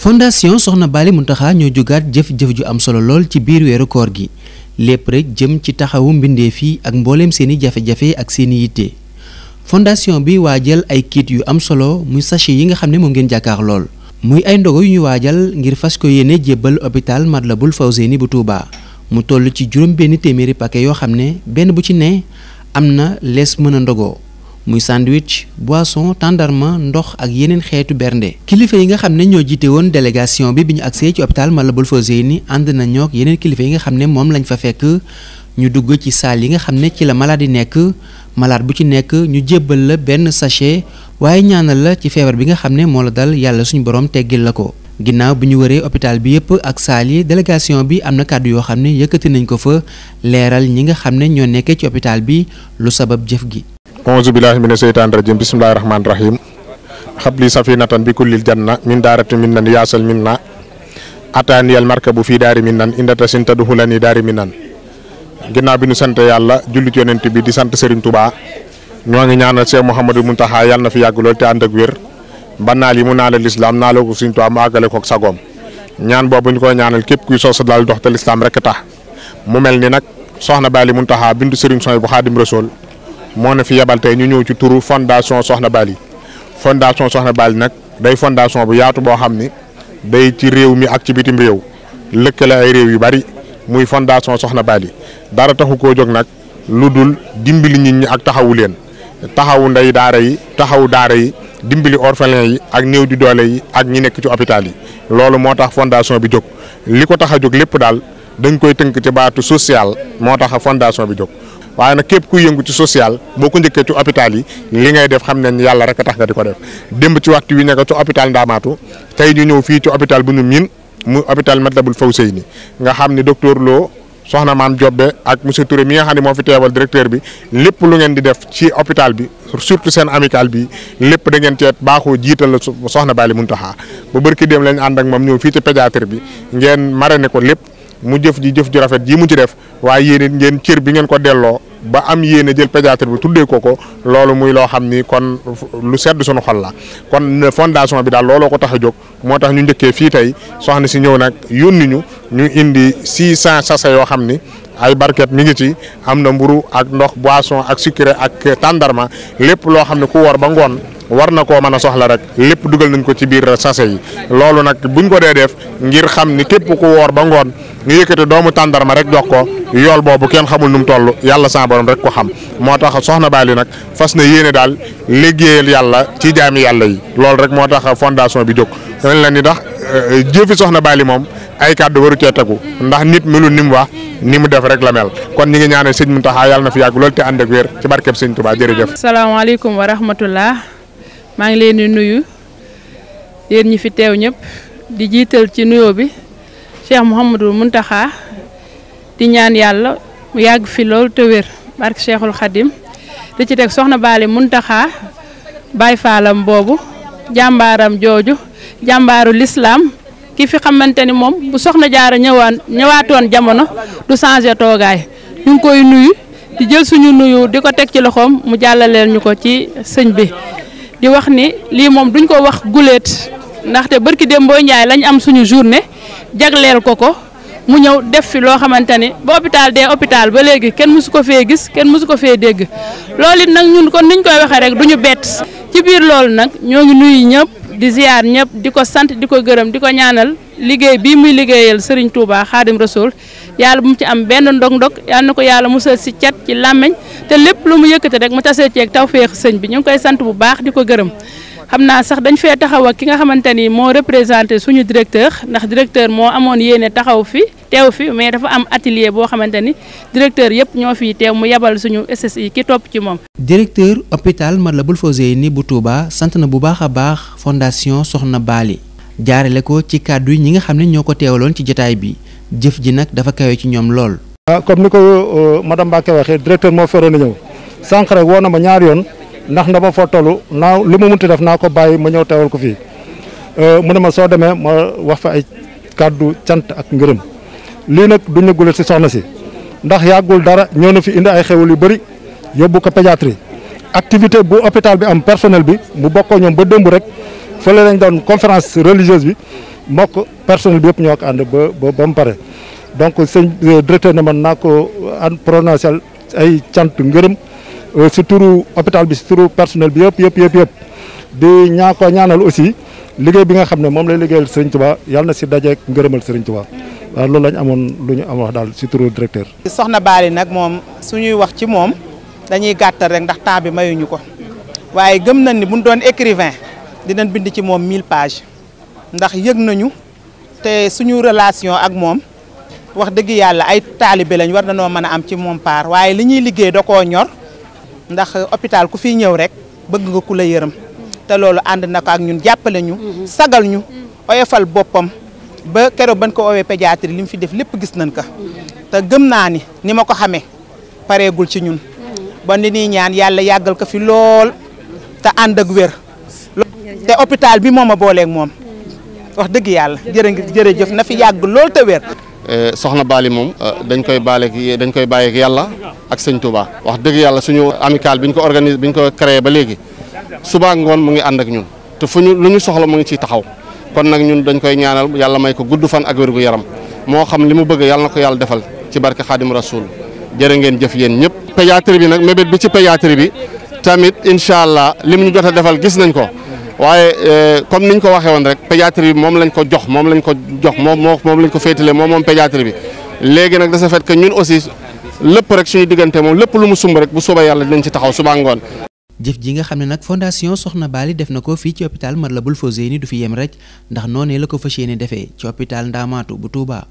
fondation soxna Baali Muntaxa ñoo jógaat jëf-jëf ju am solo lool ci biir weeru koor gi lépp rekk jëm ci taxawu mbindeef yi ak mbooleem seeni jafe-jafe ak seeni yitte fondation bi waajal ay kiit yu am solo muy sachet yi nga xam ne moom ngeen jàkkaar lool muy ay ndogo yu ñu waajal ngir fas ko yéene jébbal hôpital Matlaboul Fawzeyni bu Touba mu toll ci juróom benn téeméeri paquet yoo xam ne benn bu ci ne am na lees mën a ndogo muy sandwich boisson tàndarma ndox ak yeneen xeetu bernde kilifa yi nga xam ne ñoo jiite woon délégation bi bi ñu agsee ci hôpital Matlaboul ni ànd na ñook yeneen kilifa yi nga xam ne moom lañ fa fekk ñu dugg ci saal yi nga xam ne ci la malade yi nekk malaat bu ci nekk ñu jébbal la benn sachet waaye ñaanal la ci feebar bi nga xam ne moo la dal yàlla suñu borom teggil la ko. ginnaaw bi ñu waree hôpital bi yëpp ak saal yi délégation bi am na kàddu yoo xam ne yëkkati nañ ko fa leeral ñi nga xam ne ñoo nekkee ci hôpital bi lu sabab jëf gi. auzu billaahi mina seytaani rajiim bismillaahi rahmaani rahiim xabli safinatan bi kullil janna min daarati min nan yaasal min na ataaniyal marka bu fii daari min nan indata sinta duxulani daari min nan ginnaaw bi ñu sant yàlla julli ci yonent bi di sant Serigne Touba ñoo ngi ñaanal Cheikh Mouhamadou Mountakha yàlla na fi yàgg lool te ànd ak wér ba naal yi mu naa la lislaam naa la ko Serigne Touba mu àggale ko ak sagoom ñaan boobu ñu koy ñaanal képp kuy soosu daal dox te lislaam rek tax mu mel ni nag soxna Bally Mountakha bindu Serigne Souhaïbou Khadim Rassoul moo ne fi yebal tey ñu ñëw ci turu fondation Soxna Bally fondation Soxna Bally nag day fondation bu yaatu boo xam ni day ci réew mi ak ci bitim réew muy fondation Soxna baali dara taxu koo jóg nag lu dul dimbali nit ñi ak taxawu leen taxawu ndey daara yi taxawu daara yi dimbali orphelin yi ak ñëw di doole yi ak ñi nekk ci hôpital yi loolu moo tax fondation bi jóg li ko tax a jóg lépp daal dañ koy tënk ci baatu social moo tax fondation bi jóg waaye nag képp kuy yëngu ci social boo ko njëkkee ci hôpital yi li ngay def xam nañ yàlla rek a tax nga di ko def démb ci waxtu wi nekk ci hôpital Ndaamaatu tey fii ci hôpital bu ñu miin mu hôpital Matlaboul Fawzeyni nga xam ni docteur Lo soxna maam Jobbe ak monsieur Touré mi nga xam ne moo fi teewal directeur bi lépp lu ngeen di def ci hôpital bi surtout seen amical bi lépp da ngeen ceet baaxoo jiital la soxna Bally Mountakha ba bërki dem lañ ànd ak moom ñëw fii ci pédiatre bi ngeen mare ne ko lépp mu jëf ji jëf ju rafet ji mu ci def waaye yéen ngeen cër bi ngeen ko delloo ba am yéene jël pédiatre bi tuddee ko ko loolu muy loo xam ni kon lu sedd suñu xol la kon fondation bi daal looloo ko tax a jóg moo tax ñu njëkkee fii tey soxna si ñëw nag yónni ñu ñu indi six cent sachets yoo xam ni ay barket mi ngi ci am na mburu ak ndox boisson ak sucre ak tàndarma lépp loo xam ne ku wor ba ngoon war na koo mën a soxla rek lépp dugal nañ ko ci biir sase yi loolu nag buñ ko dee def ngir xam ni képp ku woor ba ngoon nga yëkkate doomu tàndarma rek jox ko yool boobu kenn xamul nu mu toll yàlla saa borom rek ko xam moo tax soxna li nag fas na yéene daal liggéeyal yàlla ci jaami yàlla yi loolu rek moo tax a fondation bi jóg dañ la ni ndax euh, jëfi soxna Bally moom ay kàddu waru cee tegu ndax nit melu ni mu wax ni mu def rek la mel kon ñi ngi mu sëñ Mountakha yàlla na fi yàgg loolu te ànd ak wér ci barkeb sëñ Touba jërëjëf. maa ngi leen di nuyu yéen ñi fi teew ñëpp di jiital ci nuyo bi Cheikh Mouhamadul Muntaxa di ñaan yàlla mu yàgg fi lool te wér barke Cheikhul xaddim di ci teg soxna Baali Muntaxa Baay Faalam boobu jàmbaaram jooju jàmbaaru lislaam ki fi xamante ni moom bu soxna jaara ñëwaan ñëwaatoon jamono du changé toogaay ñu koy nuyu di jël suñu nuyu di ko teg ci loxoom mu jàllaleel ñu ko ci sëñ bi di wax ni lii moom duñ ko wax guléet ndaxte barki Dembo Ndiaye lañ am suñu journée jagleel ko ko mu ñëw def fi loo xamante ni ba hôpital dee hôpital ba léegi kenn mësu ko fee gis kenn mësu ko fee dégg loolit nag ñun kon niñ ko waxee rek du ñu bett ci biir loolu nag ñoo ngi nuyu ñëpp di ziar ñëpp di ko sant di ko gërëm di ko ñaanal liggéey bii muy liggéeyal Serigne Touba Khadim Rasoul yàlla bu mu ci am benn ndog-ndog yàlla na ko yàlla musal si cat ci làmmiñ te lépp lu mu yëkkate rek mu tasee ceeg tawféex sëñ bi ñu ngi koy sant bu baax di ko gërëm xam naa sax dañ fee taxaw ak ki nga xamante ni moo représenté suñu directeur ndax directeur moo amoon yéene taxaw fi teew fi mais dafa am atelier boo xamante ni directeur yëpp ñoo fi teew mu yebal suñu SSI ki topp ci moom. directeur hôpital Matlaboul Fawzeyni bu Touba sant na bu baax a baax fondation Soxna Baali jaarale ko ci kàddu yi ñi nga xam ne ñoo ko teewaloon ci jotaay bi. jëf ji nag dafa kawe ci ñoom lool. Ah, comme ni ko ma euh, madame Mbacke waxee directeur moo feroon na ñëw sànq rek woo na ma ñaari yoon ndax na ma foo toll naa li ma munti def naa ko bàyyi ma ñëw teewal ko fii euh, mu ne ma soo demee ma wax fa ay kàddu cant ak ngërëm lii nag du ñëggule si soxna si ndax yàggul dara ñëw na fi indi ay xewal yu bëri yóbbu ko pédiatrie activité bu hôpital bi am personnel bi mu bokkoo ñoom ba démb rek fële lañ doon conférence religieuse bi. mokk personnel bi yëpp ñoo ko ànd ba ba mu pare donc sëñ euh, directeur ne man naa ko euh, an prononcé ay cant ngërëm euh, si turu hôpital bi si turu personnel bi yëpp yëpp yëpp yëpp di ñaa ko ñaanal aussi liggéey bi nga xam ne moom lay liggéeyal Serigne Touba yàlla na si dajeek ngërëmal Serigne Touba waaw loolu lañ amoon lu ñu am wax daal si turu directeur. soxna Bally nag moom suñuy wax ci moom dañuy gàttal rek ndax temps bi mayuñu ko waaye gëm nañ ni mun doon écrivain dinañ bind ci moom 1000 pages. ndax yëg nañu te suñu relation ak moom wax dëgg yàlla ay taalibe lañ war nañoo mën a am ci moom paar waaye li ñuy liggéey da koo ñor ndax hôpital ku fi ñëw rek bëgg nga ku la yërëm te loolu ànd na ko ak ñun jàppale ñu. Mhm. sagal ñu oyofal boppam ba keroog bañ ko owee pédiatrie li mu fi def lépp gis nañ ko te gëm naa ni ni ma ko xamee pareegul ci ñun. Mhm. bon li ñuy ñaan yàlla yàggal ko fi lool te ànd ak wér. te hôpital bi moom a booleek moom. wax dëgg yàlla jërë jërëjëf na fi yàgg lool te wér. Eh, soxna Bali moom eh, dañ koy baale dañ koy bàyyeeg yàlla ak sëñ Touba wax dëgg yàlla suñu amical bi ñu ko organise bi ñu ko créé ba léegi suba ngoon mu ngi ànd ak ñun te fu ñu lu ñu soxla mu ngi ciy taxaw kon nag ñun dañ koy ñaanal yàlla may ko gudd fan ak wérgu yaram moo xam li mu bëgg yàlla na ko yàlla defal ci barke Xaadim Rasul jërë ngeen jëf yéen ñëpp pédiatrie bi nag mébét bi ci pédiatrie bi tamit incha allah li mu jot a defal gis nañ ko waaye euh, comme niñ ko waxee woon rek pédiatrie bi moom lañ ko jox moom lañ ko jox moom moom lañ ko féetale moom moom pédiatrie bi léegi nag de ce ñun aussi lépp rek suñu diggante moom lépp lu mu sumb rek bu soobee yàlla dinañ ci taxaw suba ngoon jëf ji nga xam ne nag fondation Soxna Bali def na ko fii ci hôpital Matlaboul Fawzeyni du fi yem rek ndax noonee la ko fas yéene defee ci hôpital Ndamaatu bu Touba.